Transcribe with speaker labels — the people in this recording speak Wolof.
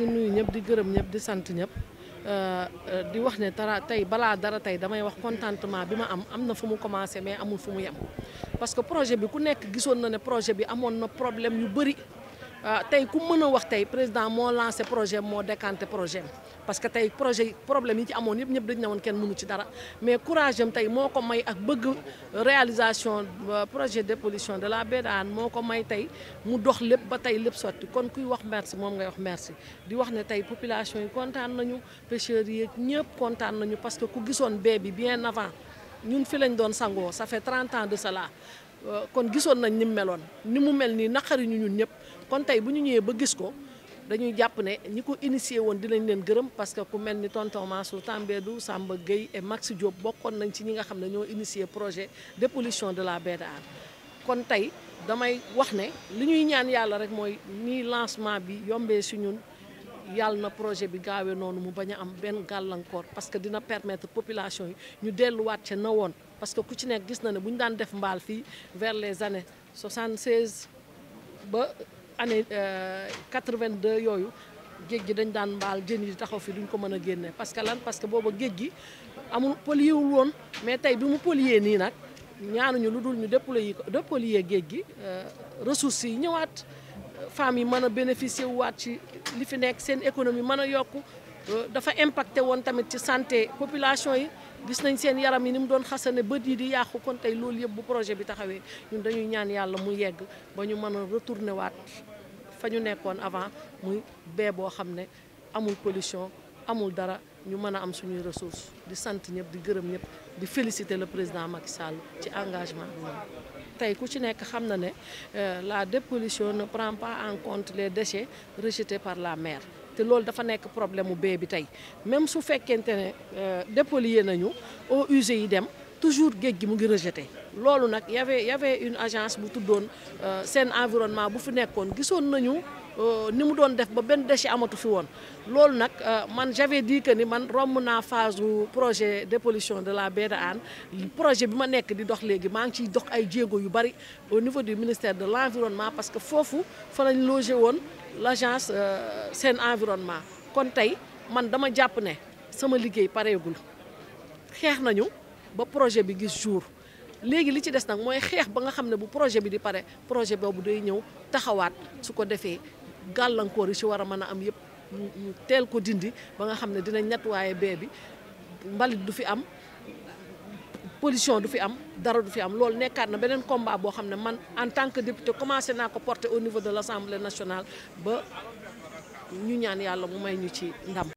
Speaker 1: ngi nuyu ñëpp di gërëm ñëpp di sant ñëpp euh, euh, di wax ne dara tey balaa dara tey damay wax contentement bi ma am am na fu mu commencé mais amul fu mu yem parce que projet bi ku nekk gisoon na ne projet bi amoon na problème yu bëri tay ah, tey ku mën wax tay président mo lancé projet mo décanté projet parce que tay projet problème yi ci amone yëpp ñep dañ ne woon kenn mënu ci dara mais courage am tey moo may ak bëgg réalisation euh, projet de pollution de la baie de Hann may tay mu dox lepp ba tay lepp soti kon kuy wax merci mom ngay wax merci di wax né tay population yi contane nañu pêcheur yi ñep contane nañu parce que ku gisoon baie bi bien avant ñun fi lañ doon sangoo ça fait 30 ans de cela kon gisoon nañ ni meloon ni mu mel nii naqari ñu ñun ñëpp kon tey bu ñu ñëwee ba gis ko dañuy jàpp ne ñi ko initié woon dinañ leen gërëm parce que ku mel ni tonton Mansour du Samba Gueye e Max Diop bokkoon nañ ci ñi nga xam ne ñoo initié projet dépollution de la baie de kon tey damay wax ne li ñuy ñaan yàlla rek mooy nii lancement bi yombee si ñun yàlla na projet bi gaawee noonu mu bañ a am benn gàllankoor parce que dina permettre population yi ñu delluwaat ca na woon parce que ku ci nekk gis na ne bu ñu daan def mbaal fii vers les années 76 ba année euh, deux yooyu géej gi dañ daan mbaal jën yi taxaw fi duñ ko mën a génne parce que lan parce que booba géej gi amul polier wul woon mais tey bi mu polier nii nag ñaanuñu lu dul ñu dépolluer yi ko dépolluer géej gi euh, ressources yi ñëwaat. femmes yi mën a bénéficier waat ci li fi nekk seen économie mën a yokk euh, dafa impacté woon tamit ci santé population yi gis nañ seen yaram yi ni mu doon xasane bët yi di yàqu kon tey loolu yëpp bu projet bi taxawee ñun dañuy ñaan yàlla mu yegg ba ñu mën a retourne waat fa ñu nekkoon avant muy bee boo xam ne amul pollution amul dara ñu mën a am suñuy ressources di sant ñëpp di gërëm ñëpp di féliciter le président Macky Sall ci engagement bi Euh, la dépollution ne prend pas en compte les déchets rejetés par la mer C'est loolu dafa problème mu même si on a dépollué, nañu au usées toujours des loolu nag y avait une agence bu tuddoon euh, Sen environnement bu fi nekkoon gisoon nañu euh, ni mu doon def ba benn déchet amatu fi woon loolu nag euh, man j'avais dit que ni man romb phase du projet pollution de la baie de Hann projet bi ma nekk di dox léegi maa ngi ciy dox ay jéego yu bari au niveau du ministère de l'environnement parce que foofu fa lañ logé woon l'agence seen environnement kon tey man dama jàpp ne sama liggéey pareegul xeex nañu ba projet bi gis jour léegi li ci des nag mooy xeex ba nga xam ne bu projet bi di pare projet boobu day ñëw taxawaat su ko defee gàllankoor yi ci war a mën a am yëpp teel ko dindi ba nga xam ne dina ñettuwaaye bee bi mbalit du fi am pollution du fi am dara du fi am loolu nekkaat na beneen combat boo xam ne man en tant que député commencé naa ko porter au niveau de l'Assemblée nationale ba ñu ñaan yàlla mu may ñu ci ndam